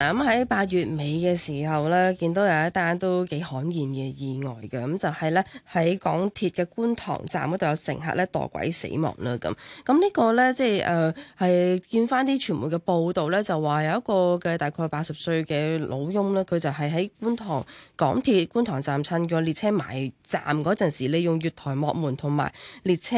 咁喺八月尾嘅時候咧，見到有一單都幾罕見嘅意外嘅，咁就係咧喺港鐵嘅觀塘站嗰度有乘客咧墮軌死亡啦。咁咁呢個咧即係誒係見翻啲傳媒嘅報道咧，就話有一個嘅大概八十歲嘅老翁呢佢就係喺觀塘港鐵觀塘站趁個列車埋站嗰陣時，利用月台幕門同埋列車。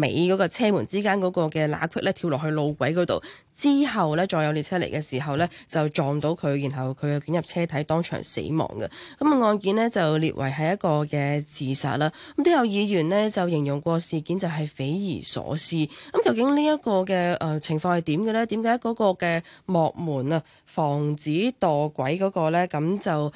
尾嗰個車門之間嗰個嘅罅隙咧，跳落去路軌嗰度之後咧，再有列車嚟嘅時候咧，就撞到佢，然後佢又捲入車體，當場死亡嘅。咁啊，案件咧就列為係一個嘅自殺啦。咁都有議員咧就形容過事件就係匪夷所思。咁究竟呢一個嘅誒情況係點嘅咧？點解嗰個嘅幕門啊，防止墮軌嗰個咧，咁就誒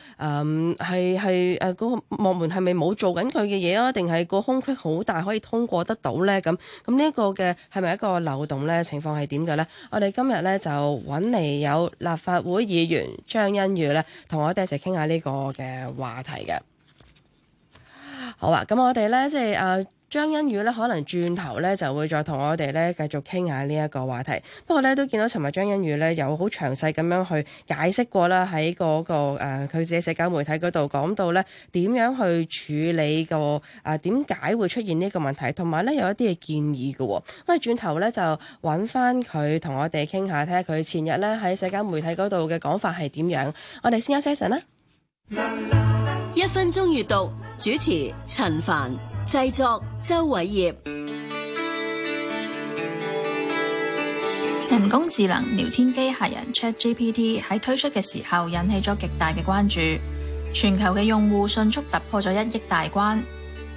係係誒嗰個幕門係咪冇做緊佢嘅嘢啊？定係個空隙好大，可以通過得到咧？咁咁呢個嘅係咪一個漏洞咧？情況係點嘅咧？我哋今日咧就揾嚟有立法會議員張欣宇咧，同我哋一齊傾下呢個嘅話題嘅。好啊，咁我哋咧即係啊。張欣宇咧，可能轉頭咧就會再同我哋咧繼續傾下呢一個話題。不過咧都見到尋日張欣宇咧有好詳細咁樣去解釋過啦、那個，喺嗰個誒佢自己社交媒體嗰度講到咧點樣去處理個誒點解會出現呢個問題，同埋咧有一啲嘅建議嘅。咁啊轉頭咧就揾翻佢同我哋傾下，睇下佢前日咧喺社交媒體嗰度嘅講法係點樣。我哋先休息陣啦，一分鐘閲讀，主持陳凡。製作周偉業。人工智能聊天機械人 ChatGPT 喺推出嘅時候引起咗極大嘅關注，全球嘅用戶迅速突破咗一億大關。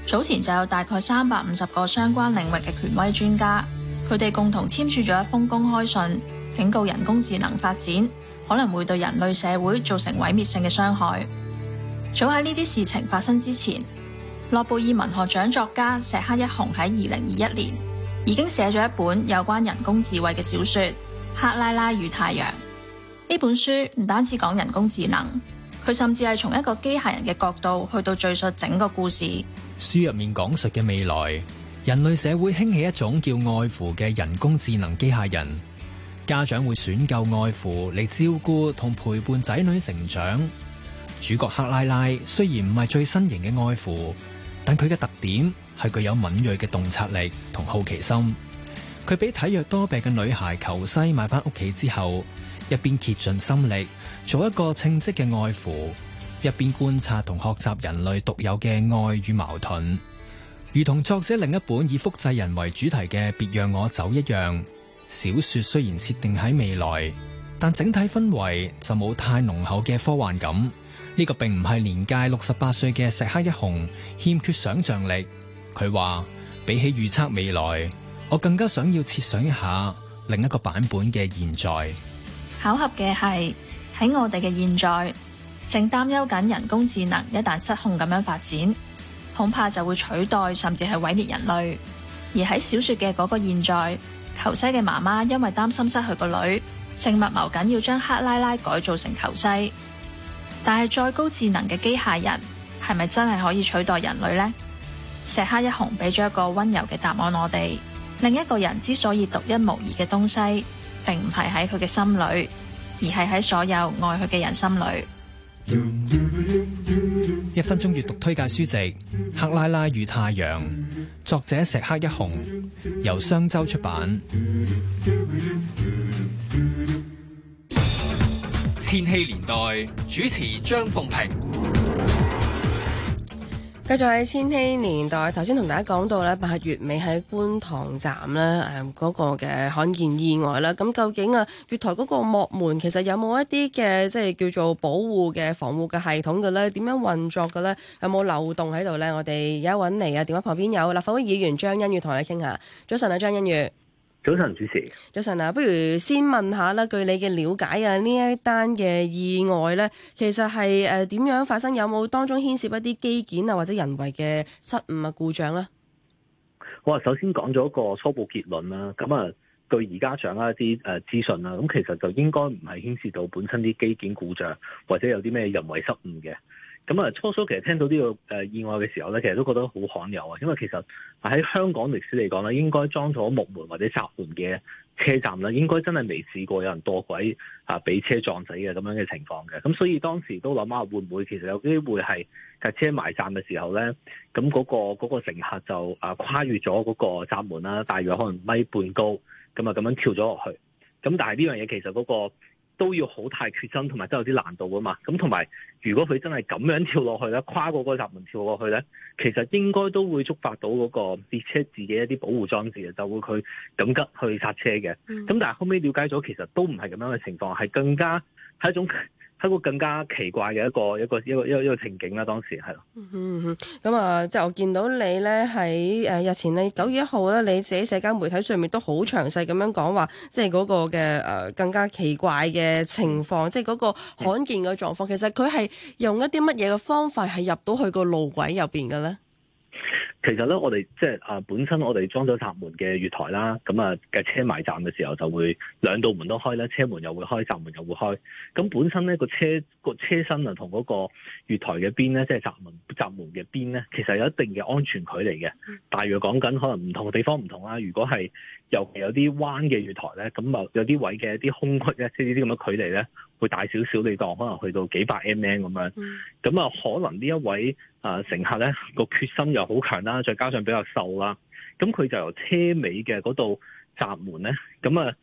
早前就有大概三百五十個相關領域嘅權威專家，佢哋共同簽署咗一封公開信，警告人工智能發展可能會對人類社會造成毀滅性嘅傷害。早喺呢啲事情發生之前，諾貝爾文學獎作家石黑一雄喺二零二一年已經寫咗一本有關人工智能嘅小說《克拉拉與太陽》，呢本書唔單止講人工智能，佢甚至係從一個機械人嘅角度去到敘述整個故事。書入面講述嘅未來，人類社會興起一種叫愛父嘅人工智能機械人，家長會選購愛父嚟照顧同陪伴仔女成長。主角克拉拉雖然唔係最新型嘅愛父。但佢嘅特點係具有敏銳嘅洞察力同好奇心。佢俾體弱多病嘅女孩裘西買翻屋企之後，一邊竭盡心力做一個稱職嘅愛父，一邊觀察同學習人類獨有嘅愛與矛盾。如同作者另一本以複製人為主題嘅《別讓我走》一樣，小說雖然設定喺未來，但整體氛圍就冇太濃厚嘅科幻感。呢個並唔係年屆六十八歲嘅石黑一雄欠缺想象力。佢話，比起預測未來，我更加想要設想一下另一個版本嘅現在。巧合嘅係，喺我哋嘅現在，正擔憂緊人工智能一旦失控咁樣發展，恐怕就會取代甚至係毀滅人類。而喺小說嘅嗰個現在，球西嘅媽媽因為擔心失去個女，正密謀緊要將克拉拉改造成球西。但係再高智能嘅機械人係咪真係可以取代人類呢？石黑一雄俾咗一個溫柔嘅答案我哋。另一個人之所以獨一無二嘅東西，並唔係喺佢嘅心裏，而係喺所有愛佢嘅人心裏。一分鐘閱讀推介書籍《克拉拉與太陽》，作者石黑一雄，由商周出版。千禧年代主持張鳳萍。繼續喺千禧年代。頭先同大家講到咧，八月尾喺觀塘站咧，誒嗰個嘅罕見意外啦，咁究竟啊月台嗰個幕門其實有冇一啲嘅即係叫做保護嘅防護嘅系統嘅咧？點樣運作嘅咧？有冇漏洞喺度咧？我哋而家揾嚟啊，電話旁邊有立法會議員張欣宇同你傾下，早晨啊，張欣宇。早晨，主持。早晨啊，不如先問下啦。據你嘅了解啊，呢一單嘅意外咧，其實係誒點樣發生？有冇當中牽涉一啲機件、啊，或者人為嘅失誤啊故障咧？我啊，首先講咗一個初步結論啦。咁啊，據而家掌握一啲誒資訊啦。咁其實就應該唔係牽涉到本身啲機件故障，或者有啲咩人為失誤嘅。咁啊，初初其實聽到呢個誒意外嘅時候咧，其實都覺得好罕有啊，因為其實喺香港歷史嚟講咧，應該裝咗幕門或者閘門嘅車站咧，應該真係未試過有人墮軌，啊，俾車撞死嘅咁樣嘅情況嘅。咁所以當時都諗下會唔會其實有機會係架車埋站嘅時候咧，咁、嗰、嗰個嗰、嗰個、乘客就啊跨越咗嗰個閘門啦，大約可能米半高，咁啊咁樣跳咗落去。咁但係呢樣嘢其實嗰、嗰個。都要好大決心，同埋真有啲難度㗎嘛。咁同埋，如果佢真係咁樣跳落去咧，跨過嗰個閘門跳落去咧，其實應該都會觸發到嗰個列車自己一啲保護裝置嘅，就會佢緊急去剎車嘅。咁、嗯、但係後尾了解咗，其實都唔係咁樣嘅情況，係更加係一種。喺個更加奇怪嘅一個一個一個一個一個情景啦，當時係咯、嗯。嗯咁啊、嗯嗯，即係我見到你咧喺誒日前你九月一號咧，你自己社交媒體上面都好詳細咁樣講話，即係、那、嗰個嘅誒、呃、更加奇怪嘅情況，即係嗰個罕見嘅狀況。的其實佢係用一啲乜嘢嘅方法係入到去個路軌入邊嘅咧？其實咧，我哋即係、啊、本身我哋裝咗閘門嘅月台啦，咁啊架車埋站嘅時候就會兩道門都開啦，車門又會開，閘門又會開。咁本身咧個車個車身啊，同嗰個月台嘅邊咧，即係閘門閘門嘅邊咧，其實有一定嘅安全距離嘅。大約講緊可能唔同地方唔同啦。如果係尤其有啲彎嘅月台咧，咁啊有啲位嘅一啲空隙咧，即係呢啲咁嘅距離咧。會大少少，你當可能去到幾百 mm 咁樣，咁啊、嗯、可能呢一位啊乘客咧、個決心又好強啦，再加上比較瘦啦，咁佢就由車尾嘅嗰度閘門咧，咁啊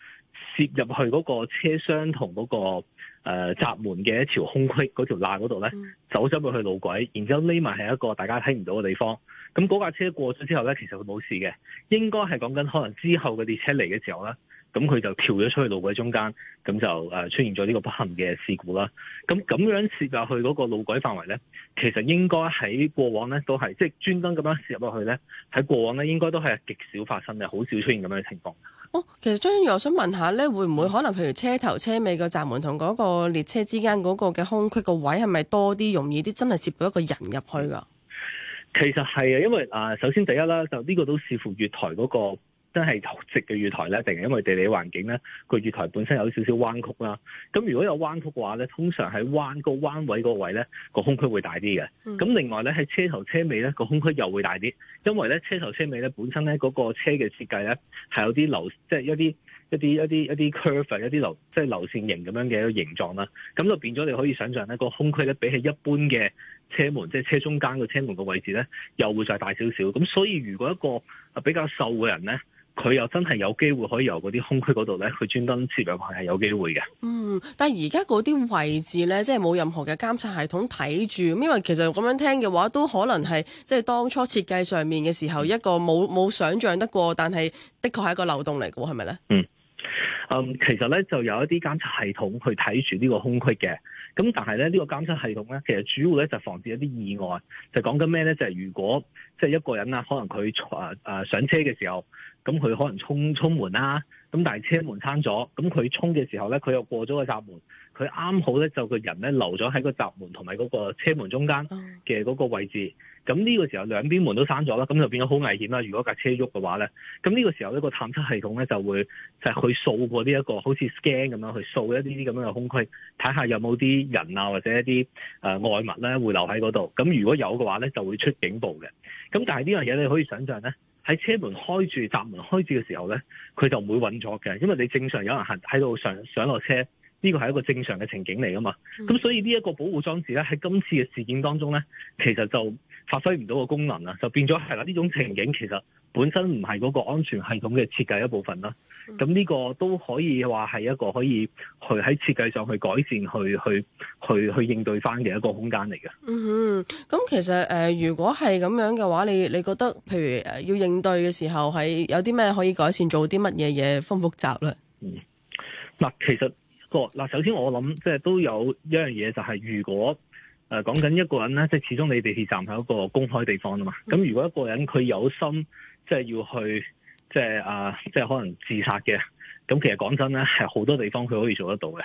攝入去嗰個車廂同嗰、嗰個誒閘、呃、門嘅一條空隙嗰條罅嗰度咧，嗯、走咗入去路軌，然之後匿埋喺一個大家睇唔到嘅地方。咁嗰架車過咗之後咧，其實佢冇事嘅，應該係講緊可能之後嘅列車嚟嘅時候咧。咁佢就跳咗出去路軌中間，咁就出現咗呢個不幸嘅事故啦。咁咁樣攝入去嗰個路軌範圍呢，其實應該喺過往呢都係，即係專登咁樣攝入落去呢。喺過往呢應該都係極少發生嘅，好少出現咁樣嘅情況。哦，其實張欣宇，我想問下呢，會唔會可能譬如車頭車尾嘅閘門同嗰個列車之間嗰個嘅空隙個位係咪多啲，容易啲真係攝到一個人入去噶？其實係啊，因為首先第一啦，就呢個都視乎月台嗰個。真係直嘅月台咧，定係因為地理環境咧，個月台本身有少少彎曲啦。咁如果有彎曲嘅話咧，通常喺彎個彎位嗰個位咧，個空區會大啲嘅。咁、嗯、另外咧，喺車頭車尾咧，個空區又會大啲，因為咧車頭車尾咧本身咧嗰個車嘅設計咧係有啲流，即係一啲一啲一啲一啲 curve，一啲流即係流線型咁樣嘅一個形狀啦，咁就變咗你可以想像咧，個空區咧比起一般嘅車門，即係車中間個車門個位置咧，又會再大少少。咁所以如果一個比較瘦嘅人咧，佢又真係有機會可以由嗰啲空區嗰度咧，佢專登設兩排係有機會嘅。嗯，但係而家嗰啲位置咧，即係冇任何嘅監測系統睇住，因為其實咁樣聽嘅話，都可能係即係當初設計上面嘅，時候一個冇冇想像得過，但係的確係一個漏洞嚟㗎，係咪咧？嗯，嗯，其實咧就有一啲監測系統去睇住呢個空區嘅，咁但係咧呢個監測系統咧，其實主要咧就防止一啲意外，就講緊咩咧？就係如果即係一個人啊可能佢上車嘅時候。咁佢可能衝衝門啦、啊，咁但係車門閂咗，咁佢衝嘅時候呢，佢又過咗個閘門，佢啱好呢，就個人呢，留咗喺個閘門同埋嗰個車門中間嘅嗰個位置，咁呢個時候兩邊門都閂咗啦，咁就變咗好危險啦。如果架車喐嘅話呢，咁呢個時候呢個探測系統呢，就會就係去掃過呢一個好似 scan 咁樣去掃一啲啲咁樣嘅空區，睇下有冇啲人啊或者一啲、呃、外物呢會留喺嗰度，咁如果有嘅話呢，就會出警報嘅。咁但係呢樣嘢你可以想象呢。喺車門開住、閘門開住嘅時候呢，佢就唔會揾咗嘅，因為你正常有人行喺度上上落車。呢個係一個正常嘅情景嚟噶嘛，咁、嗯、所以呢一個保護裝置咧喺今次嘅事件當中咧，其實就發揮唔到個功能啦，就變咗係啦。呢種情景其實本身唔係嗰個安全系統嘅設計一部分啦。咁呢、嗯、個都可以話係一個可以去喺設計上去改善、去去去去應對翻嘅一個空間嚟嘅。嗯哼，咁其實誒、呃，如果係咁樣嘅話，你你覺得譬如誒要應對嘅時候係有啲咩可以改善，做啲乜嘢嘢，複復雜咧？嗯，嗱，其實。嗱，首先我諗，即係都有一樣嘢，就係如果誒講緊一個人咧，即係始終你地鐵站係一個公開地方啊嘛。咁如果一個人佢有心，即係要去，即係啊，即係可能自殺嘅，咁其實講真咧，係好多地方佢可以做得到嘅，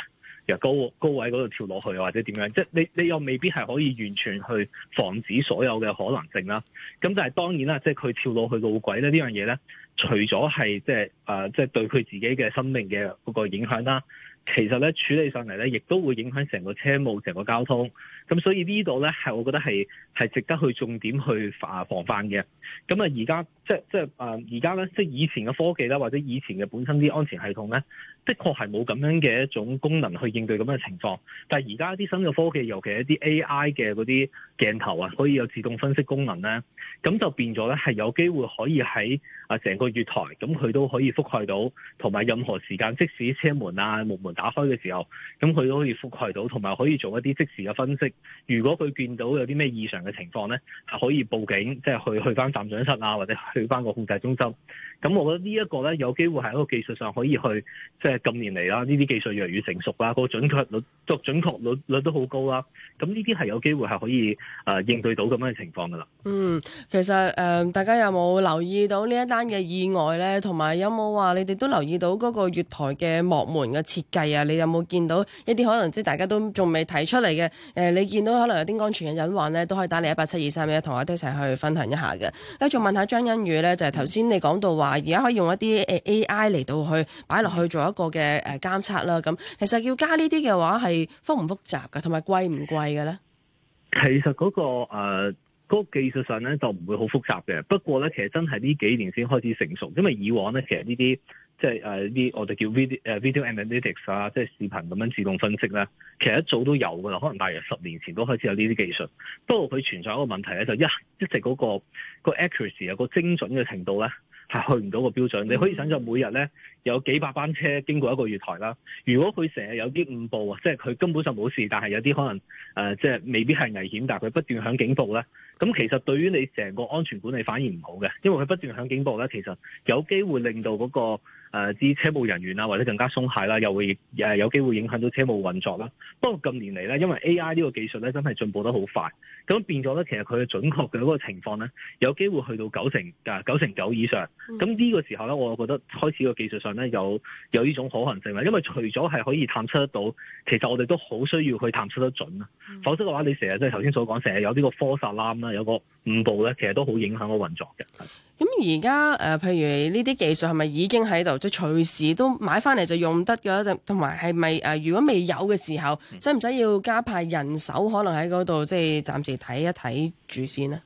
由高高位嗰度跳落去或者點樣，即係你你又未必係可以完全去防止所有嘅可能性啦。咁但係當然啦，即係佢跳落去路軌咧呢樣嘢咧，除咗係即係誒，即係對佢自己嘅生命嘅嗰個影響啦。其實咧處理上嚟，咧，亦都會影響成個車務、成個交通。咁所以呢度咧，係我覺得係係值得去重點去啊防範嘅。咁啊，而家即即係啊，而家咧，即以前嘅科技啦，或者以前嘅本身啲安全系統咧，的確係冇咁樣嘅一種功能去應對咁嘅情況，但係而家啲新嘅科技，尤其係一啲 AI 嘅嗰啲鏡頭啊，可以有自動分析功能咧，咁就變咗咧係有機會可以喺啊成個月台，咁佢都可以覆蓋到，同埋任何時間，即使車門啊、門門打開嘅時候，咁佢都可以覆蓋到，同埋可以做一啲即時嘅分析。如果佢見到有啲咩異常嘅情況咧，係可以報警，即係去去翻站長室啊，或者去翻個控制中心。咁我覺得呢一個咧有機會喺一個技術上可以去即係近年嚟啦，呢啲技術越嚟越成熟啦，個準確率作準確率率都好高啦。咁呢啲係有機會係可以誒、呃、應對到咁樣嘅情況㗎啦。嗯，其實誒、呃，大家有冇留意到呢一單嘅意外咧？同埋有冇話你哋都留意到嗰個月台嘅幕門嘅設計啊？你有冇見到一啲可能即係大家都仲未提出嚟嘅？誒、呃，你見到可能有啲安全嘅隱患咧，都可以打嚟一八七二三一，同我哋一齊去分享一下嘅。跟住再問下張欣宇咧，就係頭先你講到話而家可以用一啲誒 AI 嚟到去擺落去做一個。個嘅誒監測啦。咁其實要加呢啲嘅話係複唔複雜嘅，同埋貴唔貴嘅咧？其實嗰個誒，嗰技術上咧就唔會好複雜嘅，不過咧其實真係呢幾年先開始成熟，因為以往咧其實呢啲。即係誒啲我哋叫 video 誒 video analytics 啊，即係視頻咁樣自動分析呢，其實一早都有㗎啦，可能大約十年前都開始有呢啲技術。不過佢存在一個問題咧，就一一直嗰、嗰個 accuracy 有個精準嘅程度咧係去唔到個標準。你可以想象，每日咧有幾百班車經過一個月台啦，如果佢成日有啲誤報啊，即係佢根本就冇事，但係有啲可能誒、呃、即係未必係危險，但係佢不斷響警報咧，咁其實對於你成個安全管理反而唔好嘅，因為佢不斷響警報咧，其實有機會令到嗰、嗰個。誒啲、啊、車務人員啊或者更加鬆懈啦，又會誒、啊、有機會影響到車務運作啦。不過近年嚟咧，因為 A.I. 呢個技術咧真係進步得好快，咁變咗咧，其實佢嘅準確嘅嗰個情況咧，有機會去到九成九成九以上。咁呢個時候咧，我覺得開始個技術上咧有有呢種可能性啦。因為除咗係可以探測得到，其實我哋都好需要去探測得準、嗯、否則嘅話你，你成日即係頭先所講，成日有呢個 False Alarm 啦，有個誤報咧，其實都好影響個運作嘅。咁而家誒，譬如呢啲技術係咪已經喺度？就隨時都買翻嚟就用得㗎。同埋係咪誒如果未有嘅時候，使唔使要加派人手？可能喺嗰度即係暫時睇一睇住先呢。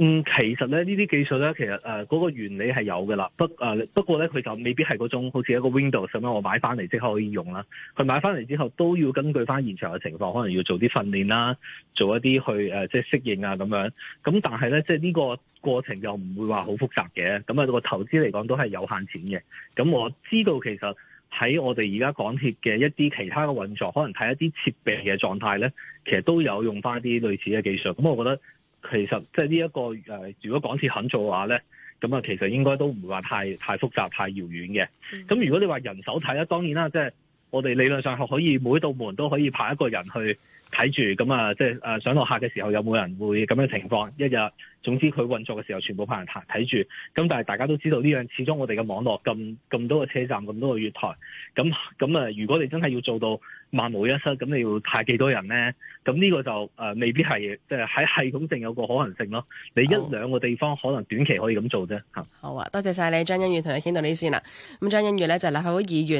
嗯，其實咧呢啲技術咧，其實誒嗰、呃嗰個原理係有嘅啦，不誒、呃、不過咧佢就未必係嗰種好似一個 Windows 咁樣，我買翻嚟即刻可以用啦。佢買翻嚟之後都要根據翻現場嘅情況，可能要做啲訓練啦，做一啲去、呃、即係適應啊咁樣。咁但係咧，即係呢個過程又唔會話好複雜嘅。咁、嗰、啊個投資嚟講都係有限錢嘅。咁我知道其實喺我哋而家港鐵嘅一啲其他嘅運作，可能睇一啲設備嘅狀態咧，其實都有用翻啲類似嘅技術。咁我覺得。其實即係呢一個誒，如果港鐵肯做嘅話咧，咁啊，其實應該都唔會話太太複雜、太遙遠嘅。咁如果你話人手睇咧，當然啦，即係我哋理論上係可以每道門都可以派一個人去。睇住咁啊，即係呃上落客嘅時候有冇人會咁嘅情況？一日總之佢運作嘅時候全部派人睇住。咁但係大家都知道呢樣，始終我哋嘅網絡咁咁多個車站、咁多個月台。咁咁啊，如果你真係要做到萬無一失，咁你要派幾多人咧？咁呢個就、呃、未必係即係喺系統性有個可能性咯。你一兩、oh. 個地方可能短期可以咁做啫吓，好啊，多謝晒你張欣宇，同你傾到呢啲先啦。咁張欣宇咧就係立法會議員。